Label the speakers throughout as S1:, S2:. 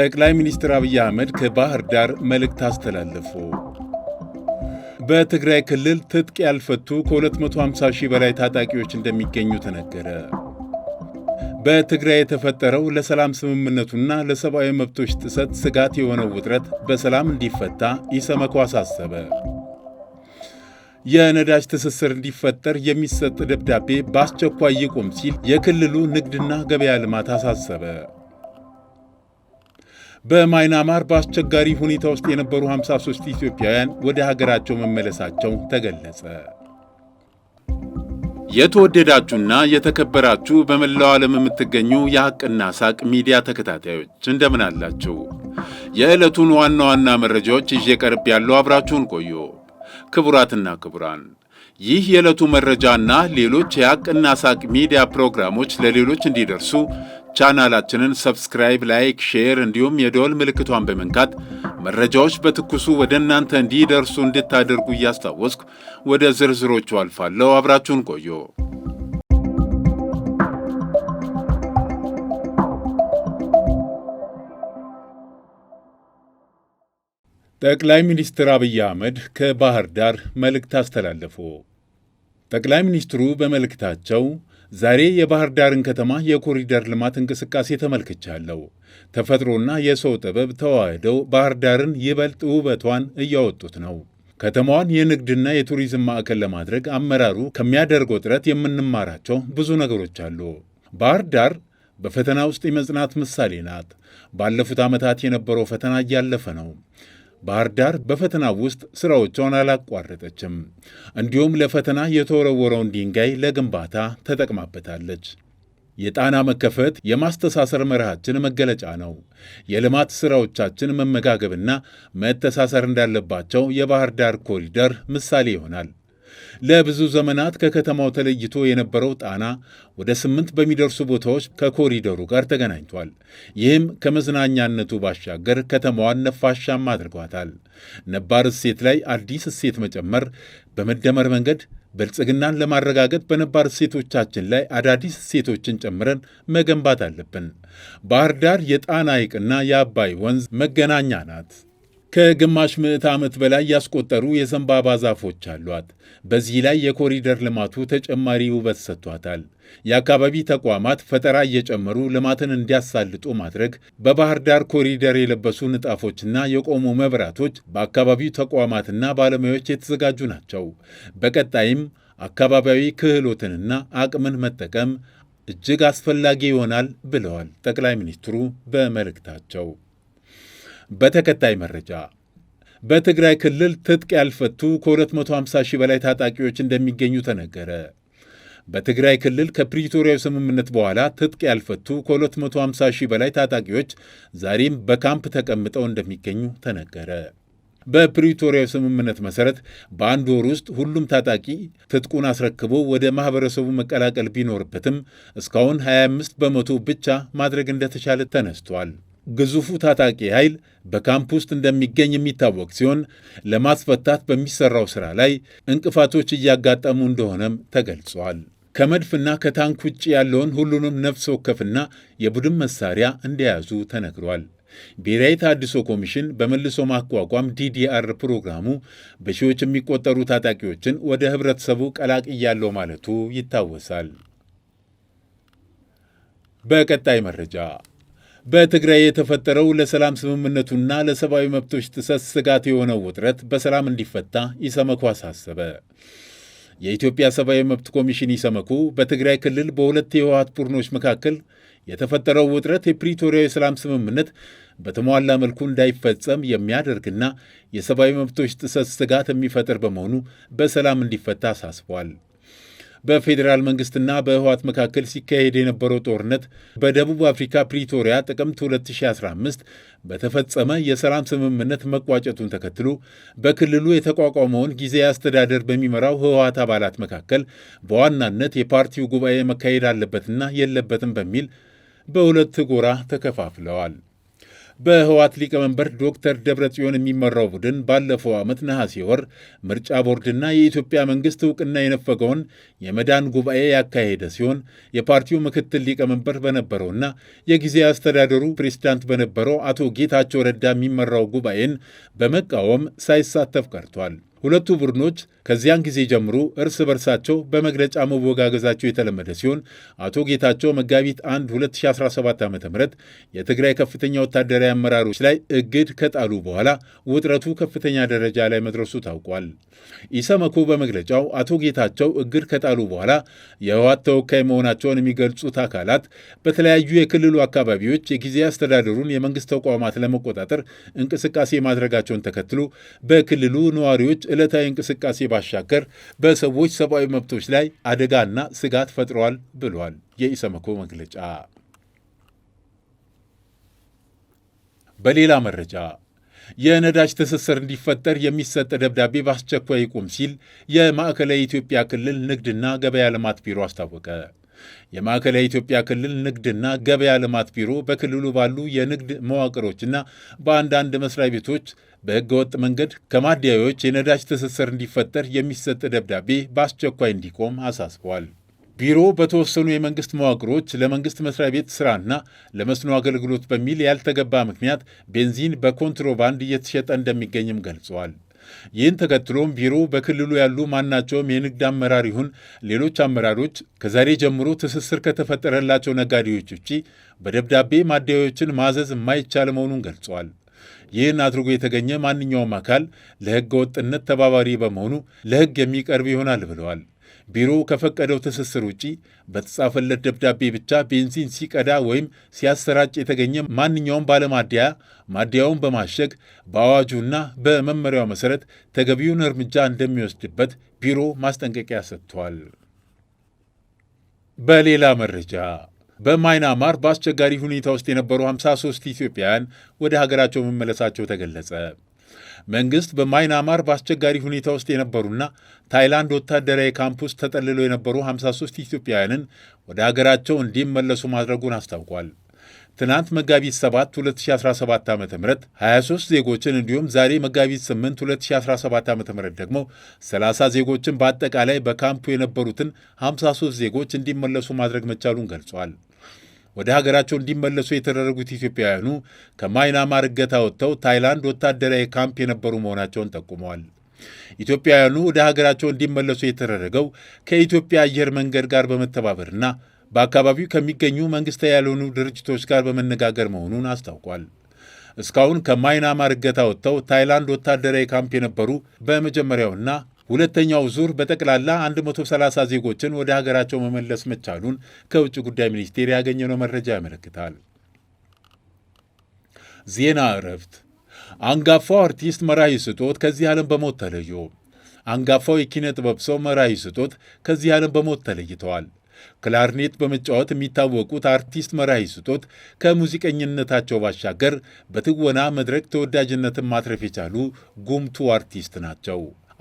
S1: ጠቅላይ ሚኒስትር አብይ አህመድ ከባህር ዳር መልእክት አስተላለፉ። በትግራይ ክልል ትጥቅ ያልፈቱ ከ250 ሺህ በላይ ታጣቂዎች እንደሚገኙ ተነገረ። በትግራይ የተፈጠረው ለሰላም ስምምነቱና ለሰብአዊ መብቶች ጥሰት ስጋት የሆነው ውጥረት በሰላም እንዲፈታ ኢሰመኮ አሳሰበ። የነዳጅ ትስስር እንዲፈጠር የሚሰጥ ደብዳቤ በአስቸኳይ ይቁም ሲል የክልሉ ንግድና ገበያ ልማት አሳሰበ። በማይናማር በአስቸጋሪ ሁኔታ ውስጥ የነበሩ 53 ኢትዮጵያውያን ወደ ሀገራቸው መመለሳቸው ተገለጸ። የተወደዳችሁና የተከበራችሁ በመላው ዓለም የምትገኙ የሐቅና ሳቅ ሚዲያ ተከታታዮች እንደምን አላችሁ? የዕለቱን ዋና ዋና መረጃዎች ይዤ ቀርብ ያለው አብራችሁን ቆዩ። ክቡራትና ክቡራን ይህ የዕለቱ መረጃና ሌሎች የሐቅና ሳቅ ሚዲያ ፕሮግራሞች ለሌሎች እንዲደርሱ ቻናላችንን ሰብስክራይብ፣ ላይክ፣ ሼር እንዲሁም የደወል ምልክቷን በመንካት መረጃዎች በትኩሱ ወደ እናንተ እንዲደርሱ እንድታደርጉ እያስታወስኩ ወደ ዝርዝሮቹ አልፋለሁ። አብራችሁን ቆዩ። ጠቅላይ ሚኒስትር አብይ አህመድ ከባህር ዳር መልእክት አስተላለፉ። ጠቅላይ ሚኒስትሩ በመልእክታቸው ዛሬ የባህር ዳርን ከተማ የኮሪደር ልማት እንቅስቃሴ ተመልክቻለሁ። ተፈጥሮና የሰው ጥበብ ተዋህደው ባህር ዳርን ይበልጥ ውበቷን እያወጡት ነው። ከተማዋን የንግድና የቱሪዝም ማዕከል ለማድረግ አመራሩ ከሚያደርገው ጥረት የምንማራቸው ብዙ ነገሮች አሉ። ባህር ዳር በፈተና ውስጥ የመጽናት ምሳሌ ናት። ባለፉት ዓመታት የነበረው ፈተና እያለፈ ነው። ባህር ዳር በፈተና ውስጥ ስራዎቿን አላቋረጠችም። እንዲሁም ለፈተና የተወረወረውን ድንጋይ ለግንባታ ተጠቅማበታለች። የጣና መከፈት የማስተሳሰር መርሃችን መገለጫ ነው። የልማት ስራዎቻችን መመጋገብና መተሳሰር እንዳለባቸው የባህር ዳር ኮሪደር ምሳሌ ይሆናል። ለብዙ ዘመናት ከከተማው ተለይቶ የነበረው ጣና ወደ ስምንት በሚደርሱ ቦታዎች ከኮሪደሩ ጋር ተገናኝቷል። ይህም ከመዝናኛነቱ ባሻገር ከተማዋን ነፋሻማ አድርጓታል። ነባር እሴት ላይ አዲስ እሴት መጨመር በመደመር መንገድ ብልጽግናን ለማረጋገጥ በነባር እሴቶቻችን ላይ አዳዲስ እሴቶችን ጨምረን መገንባት አለብን። ባህር ዳር የጣና ሐይቅና የአባይ ወንዝ መገናኛ ናት። ከግማሽ ምዕት ዓመት በላይ ያስቆጠሩ የዘንባባ ዛፎች አሏት። በዚህ ላይ የኮሪደር ልማቱ ተጨማሪ ውበት ሰጥቷታል። የአካባቢ ተቋማት ፈጠራ እየጨመሩ ልማትን እንዲያሳልጡ ማድረግ፣ በባህር ዳር ኮሪደር የለበሱ ንጣፎችና የቆሙ መብራቶች በአካባቢው ተቋማትና ባለሙያዎች የተዘጋጁ ናቸው። በቀጣይም አካባቢያዊ ክህሎትንና አቅምን መጠቀም እጅግ አስፈላጊ ይሆናል ብለዋል ጠቅላይ ሚኒስትሩ በመልእክታቸው። በተከታይ መረጃ በትግራይ ክልል ትጥቅ ያልፈቱ ከ250 ሺህ በላይ ታጣቂዎች እንደሚገኙ ተነገረ። በትግራይ ክልል ከፕሪቶሪያው ስምምነት በኋላ ትጥቅ ያልፈቱ ከ250 ሺህ በላይ ታጣቂዎች ዛሬም በካምፕ ተቀምጠው እንደሚገኙ ተነገረ። በፕሪቶሪያው ስምምነት መሰረት በአንድ ወር ውስጥ ሁሉም ታጣቂ ትጥቁን አስረክቦ ወደ ማኅበረሰቡ መቀላቀል ቢኖርበትም እስካሁን 25 በመቶ ብቻ ማድረግ እንደተቻለ ተነስቷል። ግዙፉ ታጣቂ ኃይል በካምፕ ውስጥ እንደሚገኝ የሚታወቅ ሲሆን ለማስፈታት በሚሰራው ሥራ ላይ እንቅፋቶች እያጋጠሙ እንደሆነም ተገልጿል። ከመድፍና ከታንክ ውጭ ያለውን ሁሉንም ነፍስ ወከፍና የቡድን መሳሪያ እንደያዙ ተነግሯል። ብሔራዊ ተሃድሶ ኮሚሽን በመልሶ ማቋቋም ዲዲአር ፕሮግራሙ በሺዎች የሚቆጠሩ ታጣቂዎችን ወደ ህብረተሰቡ ቀላቅያለሁ ማለቱ ይታወሳል። በቀጣይ መረጃ በትግራይ የተፈጠረው ለሰላም ስምምነቱና ለሰብአዊ መብቶች ጥሰት ስጋት የሆነው ውጥረት በሰላም እንዲፈታ ኢሰመኮ አሳሰበ። የኢትዮጵያ ሰብአዊ መብት ኮሚሽን ኢሰመኮ በትግራይ ክልል በሁለት የህወሓት ቡድኖች መካከል የተፈጠረው ውጥረት የፕሪቶሪያ የሰላም ስምምነት በተሟላ መልኩ እንዳይፈጸም የሚያደርግና የሰብአዊ መብቶች ጥሰት ስጋት የሚፈጥር በመሆኑ በሰላም እንዲፈታ አሳስቧል። በፌዴራል መንግስትና በህወሓት መካከል ሲካሄድ የነበረው ጦርነት በደቡብ አፍሪካ ፕሪቶሪያ ጥቅምት 2015 በተፈጸመ የሰላም ስምምነት መቋጨቱን ተከትሎ በክልሉ የተቋቋመውን ጊዜያዊ አስተዳደር በሚመራው ህወሓት አባላት መካከል በዋናነት የፓርቲው ጉባኤ መካሄድ አለበትና የለበትም በሚል በሁለት ጎራ ተከፋፍለዋል። በህወሓት ሊቀመንበር ዶክተር ደብረጽዮን የሚመራው ቡድን ባለፈው ዓመት ነሐሴ ወር ምርጫ ቦርድና የኢትዮጵያ መንግሥት እውቅና የነፈገውን የመዳን ጉባኤ ያካሄደ ሲሆን የፓርቲው ምክትል ሊቀመንበር በነበረውና የጊዜ አስተዳደሩ ፕሬዝዳንት በነበረው አቶ ጌታቸው ረዳ የሚመራው ጉባኤን በመቃወም ሳይሳተፍ ቀርቷል። ሁለቱ ቡድኖች ከዚያን ጊዜ ጀምሮ እርስ በርሳቸው በመግለጫ መወጋገዛቸው የተለመደ ሲሆን አቶ ጌታቸው መጋቢት 1 2017 ዓ ም የትግራይ ከፍተኛ ወታደራዊ አመራሮች ላይ እግድ ከጣሉ በኋላ ውጥረቱ ከፍተኛ ደረጃ ላይ መድረሱ ታውቋል። ኢሰመኮ በመግለጫው አቶ ጌታቸው እግድ ከጣሉ በኋላ የህወሓት ተወካይ መሆናቸውን የሚገልጹት አካላት በተለያዩ የክልሉ አካባቢዎች የጊዜ አስተዳደሩን የመንግስት ተቋማት ለመቆጣጠር እንቅስቃሴ ማድረጋቸውን ተከትሎ በክልሉ ነዋሪዎች ዕለታዊ እንቅስቃሴ ባሻገር በሰዎች ሰብአዊ መብቶች ላይ አደጋና ስጋት ፈጥረዋል ብሏል የኢሰመኮ መግለጫ። በሌላ መረጃ የነዳጅ ትስስር እንዲፈጠር የሚሰጥ ደብዳቤ በአስቸኳይ ይቁም ሲል የማዕከላዊ ኢትዮጵያ ክልል ንግድና ገበያ ልማት ቢሮ አስታወቀ። የማዕከላዊ ኢትዮጵያ ክልል ንግድና ገበያ ልማት ቢሮ በክልሉ ባሉ የንግድ መዋቅሮችና በአንዳንድ መስሪያ ቤቶች በህገወጥ መንገድ ከማደያዎች የነዳጅ ትስስር እንዲፈጠር የሚሰጥ ደብዳቤ በአስቸኳይ እንዲቆም አሳስበዋል። ቢሮ በተወሰኑ የመንግስት መዋቅሮች ለመንግስት መስሪያ ቤት ስራና ለመስኖ አገልግሎት በሚል ያልተገባ ምክንያት ቤንዚን በኮንትሮባንድ እየተሸጠ እንደሚገኝም ገልጸዋል። ይህን ተከትሎም ቢሮ በክልሉ ያሉ ማናቸውም የንግድ አመራር ይሁን ሌሎች አመራሮች ከዛሬ ጀምሮ ትስስር ከተፈጠረላቸው ነጋዴዎች ውጪ በደብዳቤ ማደያዎችን ማዘዝ የማይቻል መሆኑን ገልጸዋል። ይህን አድርጎ የተገኘ ማንኛውም አካል ለሕገ ወጥነት ተባባሪ በመሆኑ ለሕግ የሚቀርብ ይሆናል ብለዋል። ቢሮው ከፈቀደው ትስስር ውጪ በተጻፈለት ደብዳቤ ብቻ ቤንዚን ሲቀዳ ወይም ሲያሰራጭ የተገኘ ማንኛውም ባለማደያ ማደያውን በማሸግ በአዋጁና በመመሪያው መሠረት ተገቢውን እርምጃ እንደሚወስድበት ቢሮ ማስጠንቀቂያ ሰጥቷል። በሌላ መረጃ በማይናማር በአስቸጋሪ ሁኔታ ውስጥ የነበሩ 53 ኢትዮጵያውያን ወደ ሀገራቸው መመለሳቸው ተገለጸ። መንግስት በማይናማር በአስቸጋሪ ሁኔታ ውስጥ የነበሩና ታይላንድ ወታደራዊ ካምፕ ውስጥ ተጠልለው የነበሩ 53 ኢትዮጵያውያንን ወደ አገራቸው እንዲመለሱ ማድረጉን አስታውቋል። ትናንት መጋቢት 7 2017 ዓ ም 23 ዜጎችን እንዲሁም ዛሬ መጋቢት 8 2017 ዓ ም ደግሞ 30 ዜጎችን በአጠቃላይ በካምፑ የነበሩትን 53 ዜጎች እንዲመለሱ ማድረግ መቻሉን ገልጿል። ወደ ሀገራቸው እንዲመለሱ የተደረጉት ኢትዮጵያውያኑ ከማይናማር እገታ ወጥተው ታይላንድ ወታደራዊ ካምፕ የነበሩ መሆናቸውን ጠቁመዋል። ኢትዮጵያውያኑ ወደ ሀገራቸው እንዲመለሱ የተደረገው ከኢትዮጵያ አየር መንገድ ጋር በመተባበርና በአካባቢው ከሚገኙ መንግሥታዊ ያልሆኑ ድርጅቶች ጋር በመነጋገር መሆኑን አስታውቋል። እስካሁን ከማይናማር እገታ ወጥተው ታይላንድ ወታደራዊ ካምፕ የነበሩ በመጀመሪያውና ሁለተኛው ዙር በጠቅላላ 130 ዜጎችን ወደ ሀገራቸው መመለስ መቻሉን ከውጭ ጉዳይ ሚኒስቴር ያገኘነው መረጃ ያመለክታል። ዜና እረፍት። አንጋፋው አርቲስት መራዊ ስጦት ከዚህ ዓለም በሞት ተለዩ። አንጋፋው የኪነ ጥበብ ሰው መራዊ ስጦት ከዚህ ዓለም በሞት ተለይተዋል። ክላርኔት በመጫወት የሚታወቁት አርቲስት መራዊ ስጦት ከሙዚቀኝነታቸው ባሻገር በትወና መድረክ ተወዳጅነትን ማትረፍ የቻሉ ጉምቱ አርቲስት ናቸው።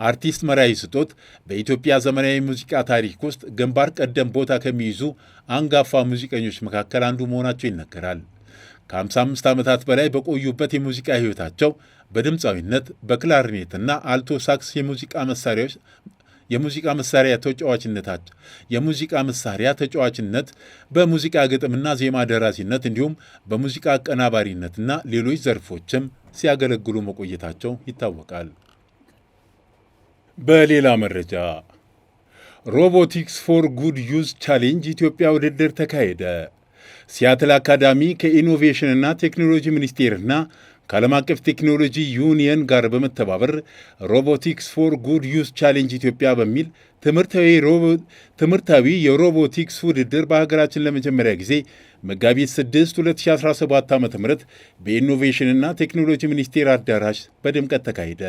S1: አርቲስት መራዊ ስጦት በኢትዮጵያ ዘመናዊ ሙዚቃ ታሪክ ውስጥ ግንባር ቀደም ቦታ ከሚይዙ አንጋፋ ሙዚቀኞች መካከል አንዱ መሆናቸው ይነገራል። ከ55 ዓመታት በላይ በቆዩበት የሙዚቃ ሕይወታቸው በድምፃዊነት በክላርኔትና አልቶ ሳክስ የሙዚቃ መሳሪያዎች የሙዚቃ መሳሪያ ተጫዋችነታቸው የሙዚቃ መሳሪያ ተጫዋችነት በሙዚቃ ግጥምና ዜማ ደራሲነት እንዲሁም በሙዚቃ አቀናባሪነትና ሌሎች ዘርፎችም ሲያገለግሉ መቆየታቸው ይታወቃል። በሌላ መረጃ ሮቦቲክስ ፎር ጉድ ዩዝ ቻሌንጅ ኢትዮጵያ ውድድር ተካሄደ። ሲያትል አካዳሚ ከኢኖቬሽንና ቴክኖሎጂ ሚኒስቴርና ከዓለም አቀፍ ቴክኖሎጂ ዩኒየን ጋር በመተባበር ሮቦቲክስ ፎር ጉድ ዩዝ ቻሌንጅ ኢትዮጵያ በሚል ትምህርታዊ የሮቦቲክስ ውድድር በሀገራችን ለመጀመሪያ ጊዜ መጋቢት 6 2017 ዓ ም በኢኖቬሽንና ቴክኖሎጂ ሚኒስቴር አዳራሽ በድምቀት ተካሄደ።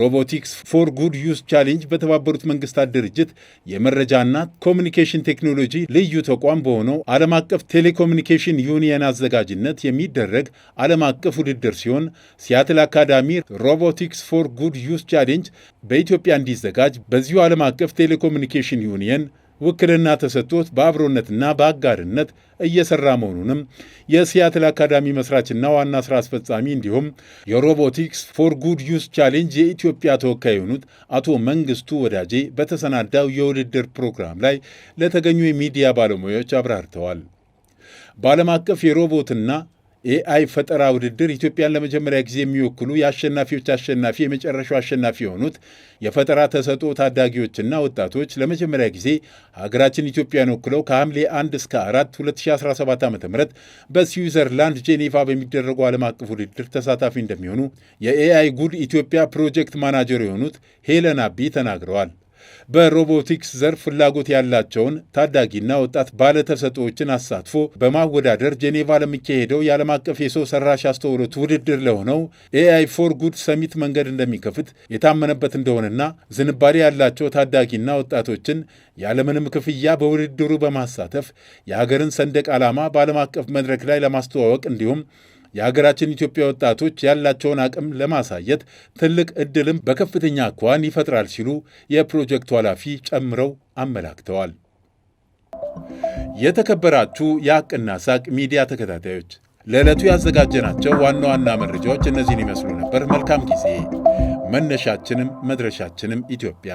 S1: ሮቦቲክስ ፎር ጉድ ዩስ ቻሌንጅ በተባበሩት መንግስታት ድርጅት የመረጃና ኮሚኒኬሽን ቴክኖሎጂ ልዩ ተቋም በሆነው ዓለም አቀፍ ቴሌኮሚኒኬሽን ዩኒየን አዘጋጅነት የሚደረግ ዓለም አቀፍ ውድድር ሲሆን ሲያትል አካዳሚ ሮቦቲክስ ፎር ጉድ ዩስ ቻሌንጅ በኢትዮጵያ እንዲዘጋጅ በዚሁ ዓለም አቀፍ ቴሌኮሚኒኬሽን ዩኒየን ውክልና ተሰጥቶት በአብሮነትና በአጋርነት እየሰራ መሆኑንም የሲያትል አካዳሚ መስራችና ዋና ስራ አስፈጻሚ እንዲሁም የሮቦቲክስ ፎር ጉድ ዩስ ቻሌንጅ የኢትዮጵያ ተወካይ የሆኑት አቶ መንግስቱ ወዳጄ በተሰናዳው የውድድር ፕሮግራም ላይ ለተገኙ የሚዲያ ባለሙያዎች አብራርተዋል። በዓለም አቀፍ የሮቦትና ኤአይ ፈጠራ ውድድር ኢትዮጵያን ለመጀመሪያ ጊዜ የሚወክሉ የአሸናፊዎች አሸናፊ የመጨረሻው አሸናፊ የሆኑት የፈጠራ ተሰጥኦ ታዳጊዎችና ወጣቶች ለመጀመሪያ ጊዜ ሀገራችን ኢትዮጵያን ወክለው ከሐምሌ 1 እስከ 4 2017 ዓ ም በስዊዘርላንድ ጄኔቫ በሚደረገው ዓለም አቀፍ ውድድር ተሳታፊ እንደሚሆኑ የኤአይ ጉድ ኢትዮጵያ ፕሮጀክት ማናጀር የሆኑት ሄለን አቢ ተናግረዋል። በሮቦቲክስ ዘርፍ ፍላጎት ያላቸውን ታዳጊና ወጣት ባለተሰጦዎችን አሳትፎ በማወዳደር ጄኔቫ ለሚካሄደው የዓለም አቀፍ የሰው ሰራሽ አስተውሎት ውድድር ለሆነው ኤአይ ፎር ጉድ ሰሚት መንገድ እንደሚከፍት የታመነበት እንደሆነና ዝንባሌ ያላቸው ታዳጊና ወጣቶችን ያለምንም ክፍያ በውድድሩ በማሳተፍ የሀገርን ሰንደቅ ዓላማ በዓለም አቀፍ መድረክ ላይ ለማስተዋወቅ እንዲሁም የሀገራችን ኢትዮጵያ ወጣቶች ያላቸውን አቅም ለማሳየት ትልቅ እድልም በከፍተኛ ኳን ይፈጥራል ሲሉ የፕሮጀክቱ ኃላፊ ጨምረው አመላክተዋል። የተከበራችሁ የአቅና ሳቅ ሚዲያ ተከታታዮች ለዕለቱ ያዘጋጀናቸው ዋና ዋና መረጃዎች እነዚህን ይመስሉ ነበር። መልካም ጊዜ። መነሻችንም መድረሻችንም ኢትዮጵያ።